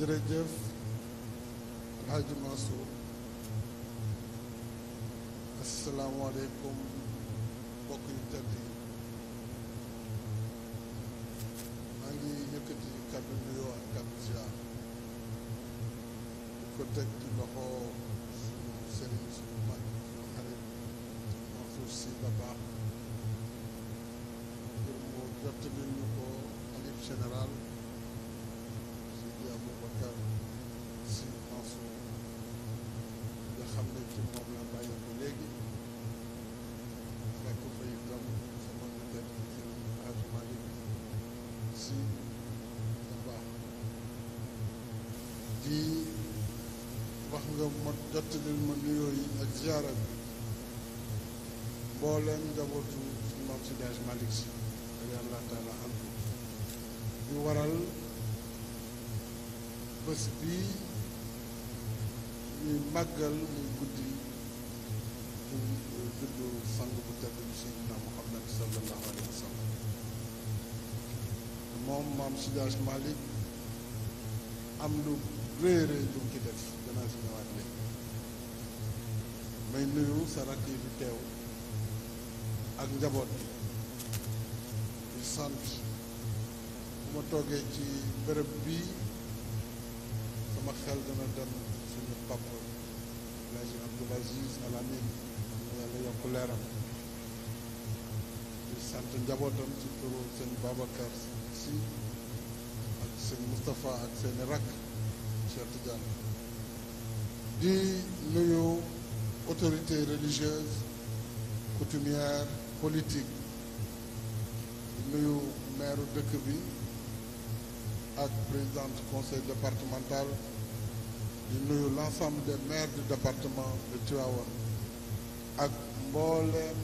jërëjëf Alxaaji Mansour asalaamualeykum mbokk yu tedd yi maa ngi yëkkati kàddu nuyoo ak kàddu ziar ko teg loxo suñu sëriñ suñu mag suñu xarit Mansour Sy Dabakh pour mu jottali ñu ko alif général si jàmm yaakaar si Mansour si wax nga mot jottalil ma nuyoo ak ziara bi mbooleem njabootu si Maam Malik si yàlla taala am ñu waral bés bii ñuy màggal muy guddi juddu euh, sang bu tedd bi Muhammad sallallahu alayhi wa moom maam Sidaaj Malick am lu réeree lu ci def danaa si ñëwaat léegi may nuyu sa rakk yi fi teew ak njaboot bi di sant bu ma toogee ci bërëb bii sama xel dana dem suñu papa Elhadji Abdoul Aziz Al Amin yàlla yokk leeram di sant njabootam ci turu sëñ Babacar si ak sëñ Moustapha ak seeni rakk di nuyu autorité religieuse coutumière politique nuyu maire dëkk bi ak présidente conseil départemental di nuyu l'ensemble des maires du département de Tivaouane ak mbooleem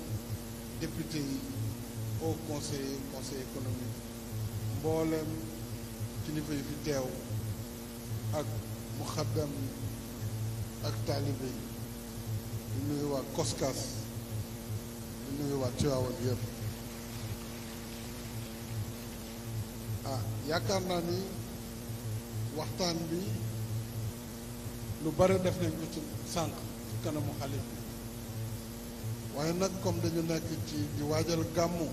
député yi au conseiller conseil économique mbooleem kilifa yi fi teew ak muxaddam yi ak taalibe yi di nuyu waa Koskas di nuyu waa Tivaouane yëpp ah yaakaar naa ni waxtaan bi lu bari def nañ ko ci sànq ci kanamu xalif bi waaye nag comme dañu nekk ci di waajal gàmmu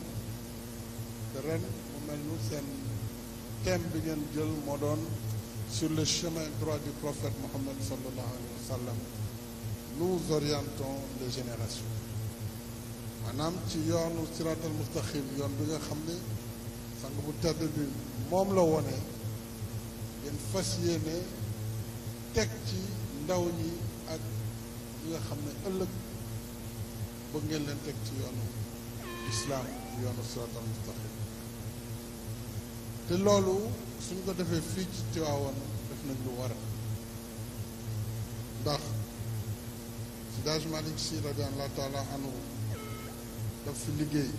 te ren mu mel ni seen thème bi ngeen jël moo doon sur le chemin droit du prophète Mohammed sallallahu alayhi wa sallam nous orientons les générations maanaam ci yoonu siraatal mustaqim yoon bi nga xam ne sang bu tedd bi moom la wone ngeen fas yéene teg ci ndaw ñi ak ñi nga xam ne ëllëg bëgg ngeen leen teg ci yoonu islaam yoonu siraatal mustaqim te loolu suñ ko defee fii ci Tiwaawan def nañ lu war a ndax Seydi Malick Sy radiyallaahu taala anhu daf fi liggéey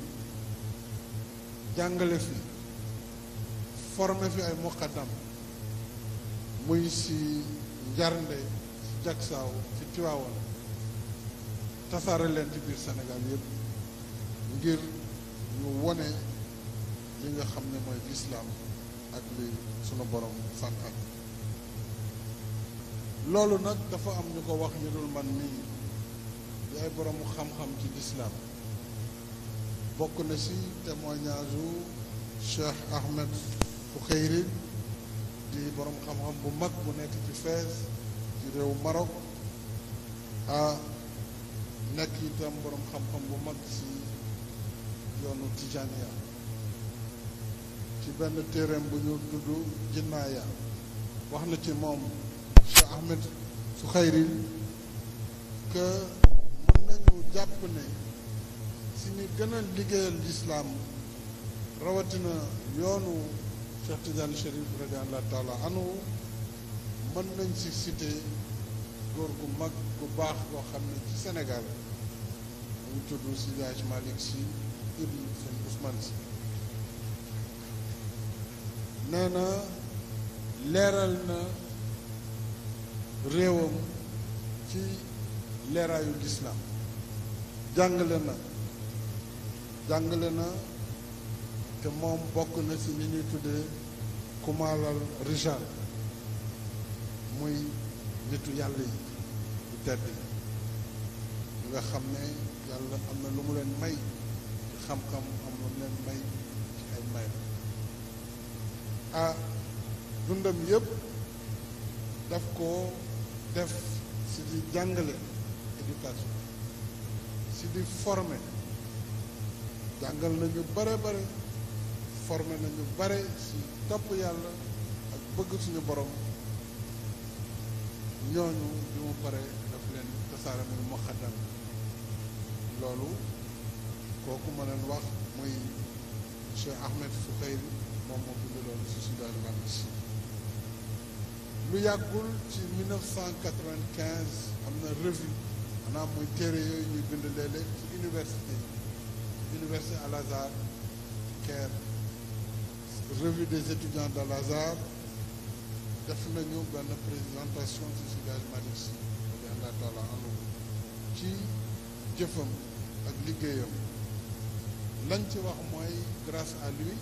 jàngale fi formé fi ay muqaddam muy si njarnde si jagsaaw si tasaare leen ci biir Sénégal yëpp ngir ñu wone li nga xam ne mooy lislaam ak li sunu borom santaan loolu nag dafa am ñu ko wax ñu dul man mii di ay boroomu xam-xam ci lislaam bokk na si témoignage u Cheikh Ahmed Foukhayri di borom xam-xam bu mag bu nekk ci Fès ci réew Maroc ah nekk itam borom xam-xam bu mag ci yoonu Tijaniya ci benn téereem bu ñu tudd Jinnaaya wax na ci moom Cheikh Ahmed Soukhayri que mën nañu jàpp ne si ñu gëna liggéeyal islaam rawatina yoonu Cheikh Tidiane Chérif radiyallahu taala anhu mën nañ si citer góor gu mag gu baax koo xam ne ci Sénégal mu tudd si Hadj Malick Sy ibn seen Ousmane Sy nee na leeral na réewam ci leeraayu lislaam jàngale na jàngale na te moom bokk na ci li ñuy tuddee kumaalal rijal muy nitu yàlla yi bu tedd yi nga xam ne yàlla am na lu mu leen may ci xam-xam am lu mu leen may ay may ah dundam yépp daf ko def ci di jàngale éducation ci di former jàngal nañu bare bare formé na ñu bare si topp yàlla ak bëgg suñu borom ñooñu bi mu pare daf leen tasaare muy muqaddam loolu kooku ma leen wax muy Cheikh Ahmed Fuqayri moom moo bind loolu si Soudan Manis lu yàggul ci am na revue maanaam muy téere yooyu ñuy bind léeg ci université université Al Caire revue des étudiants de Lazare def nañu benn présentation ci Seydi Hadji Malick Sy radiyallahu ci jëfam ak liggéeyam lañ ci wax mooy grâce à lui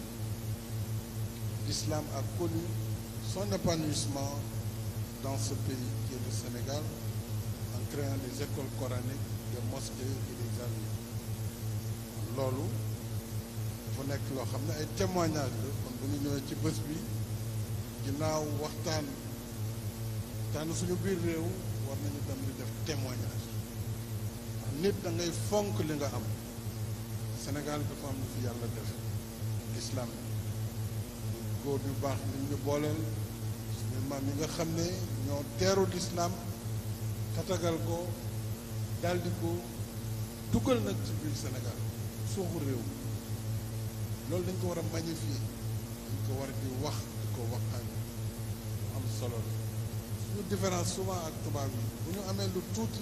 l'islam a connu son épanouissement dans ce pays qui est le Sénégal en créant des écoles coraniques des mosquées et des jardins loolu dafa nekk loo xam ne ay témoignage la kon bu ñu ñëwee ci bës bi ginnaaw waxtaan tànn suñu biir réew war nañu dem di def témoignage nit da fonk li nga am Sénégal dafa am lu fi yàlla def islam góor yu baax ñu ñu booleel suñu maam yi nga xam ne ñoo teeru lislaam tatagal ko daldi ko dugal nag ci biir Sénégal suuxu réew loolu dañ ko war a magnifier dañ ko war a di wax di ko waxtaan am solo la suñu différence souvent ak tubaab yi bu ñu amee lu tuuti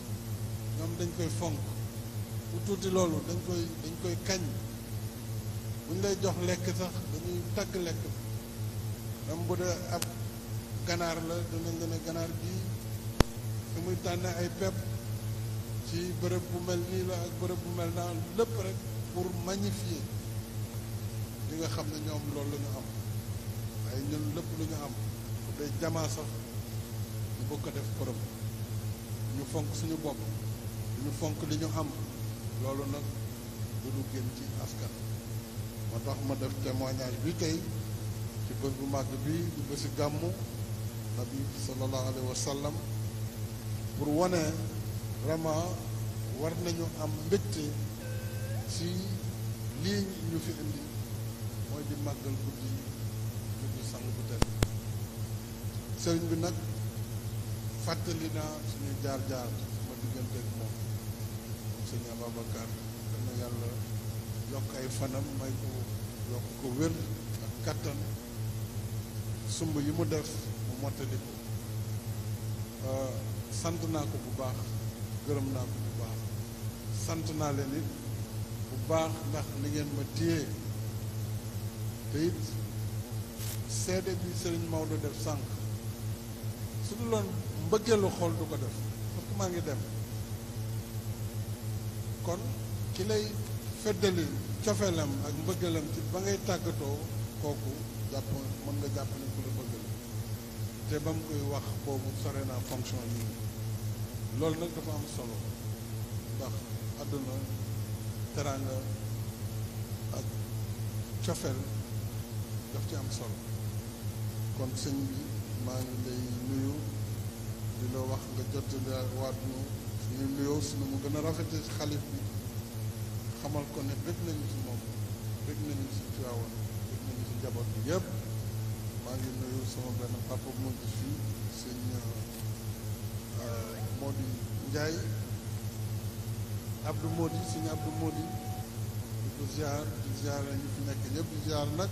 ñoom dañ koy fonk bu tuuti loolu dañ koy dañ koy kañ bu ñu lay jox lekk sax dañuy takk lekk dam bu dee ab ganaar la dinañ la ganaar bii su muy tànnee ay pepp ci bërëb bu mel nii la ak bërëb bu mel naa lépp rek pour magnifier li nga xam ne ñoom loolu la ñu am waaye ñun lépp lu ñu am bu dee jamaa sax ñu bëgg ko def korom ñu fonk suñu bopp ñu fonk li ñu am loolu nag du lu gën ci askan moo tax ma def témoignage bi tey ci bés bu màgg bi di bési gàmmu nabi sallallahu alayhi wa sallam pour wone vraiment war nañu am mbégte ci lii ñu fi indi mooy di màggal guddi guddi sang bu tedd sëriñ bi nag fàttali naa suñu jaar-jaar sama diggante ak moom sëñ Ababacar dana yàlla yokk ay fanam may ko yokk ko wér ak kattan sumb yi mu def mu mottali euh, sant naa ko bu baax gërëm naa ko bu baax sant naa leen it bu baax ndax li ngeen ma téye te it seede bi sëriñ Maodo def sànq su du loon mbëggeelu xol du ko def parce maa ngi dem kon ki lay feddali cofeelam ak mbëggeelam ci ba ngay tàggatoo kooku jàpp mën nga jàpp ni ku la bëgg te ba mu koy wax boobu sore naa fonction yi loolu nag dafa am solo ndax àdduna teraanga ak cofeel daf ci am solo kon sëñ bi maa ngi lay nuyu di la wax nga jot daal waat ñu suñu nuyoo suñu mu gën a rafete ci bi xamal ko ne bëgg nañu ci moom bëgg nañu ci Tiwaawan bi yëpp maa ngi nuyu sama benn papa bu ma gis fii sëñ euh, Mody Ndiaye Abdou Mody sëñ Abdou Mody di ko ziar di ziar fi nekk ñëpp di ziar nag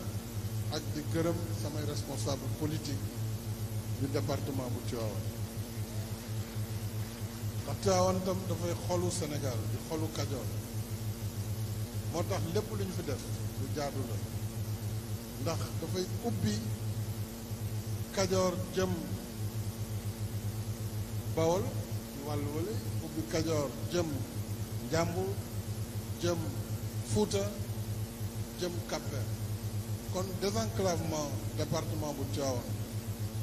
ak di gërëm samay responsable politique du département bu Tivaouane ndax Tivaouane tam dafay xolu Sénégal di xolu Kajoor moo tax lépp lu ñu fi def lu jaadu la ndax dafay ubbi Kajoor jëm Bawol ci wàllu wële ubbi Kajoor jëm Njàmbur jëm Fuuta jëm cap kon désenclavement département bu Tivaouane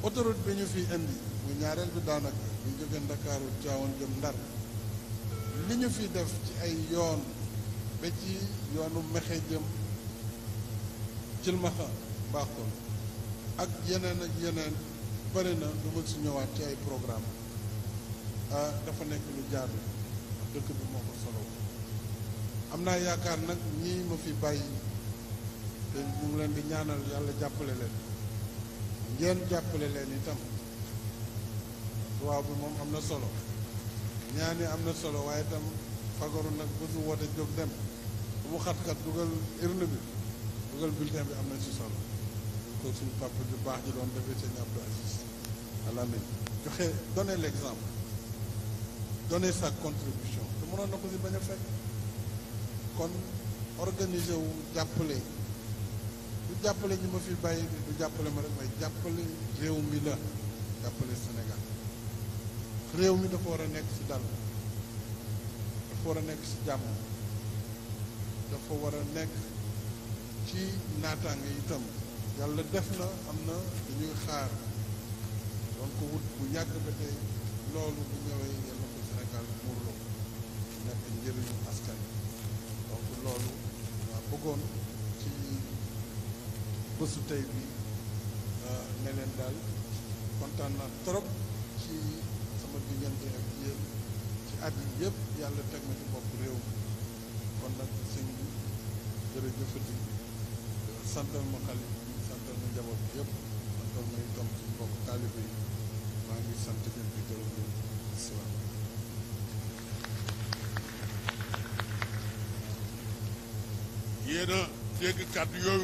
autoroute bi ñu fi indi bu ñaareel bi daanaka bu ñu jógee Ndakaaru Tivaouane jëm Ndar li ñu fi def ci ay yoon ba ci yoonu Mexe jëm Cilmaxa Mbaaxoon ak yeneen ak yeneen bëri na lu ma si ñëwaat ci ay programme ah dafa nekk lu jaadu dëkk bi moo ko solo am naa yaakaar nag ñii ma fi bàyyi. te mu ngi leen di ñaanal yàlla jàppale leen ngeen jàppale leen itam waaw bi moom am na solo ñaani am na solo waaye tam fagaru nag bésu woote jóg dem bu mu xat-xat dugal urne bi dugal bulletin bi am na ci solo ko suñu papa ju baax ji doon defee seen Abdou Aziz ala joxe donner l'exemple donner sa contribution te mënoon na ko si bañ a fekk kon organiser wu jàppale du jàppale ñu ma fi bàyyi du jàppale ma rek may jàppale réew mi la jàppale Sénégal réew mi dafa war a nekk ci dal dafa war a nekk ci jàmm dafa war a nekk ci naataange itam yàlla def na am na dañuy xaar doon ko wut bu yàgg ba tey loolu bu ñëwee yàlla ko Sénégal muurloo nekk njëriñu askan donc loolu waa bëggoon bésu tey bi ne euh, leen daal kontaan naa ci sama diggante ak yéen ci at yi yàlla teg ma ci bopp réew mi kon nag sëñ bi jërëjëfati santal ma xale yi santal ma njaboot ci mbokk taalibe yi maa ngi sant ñëpp di gërëm yooyu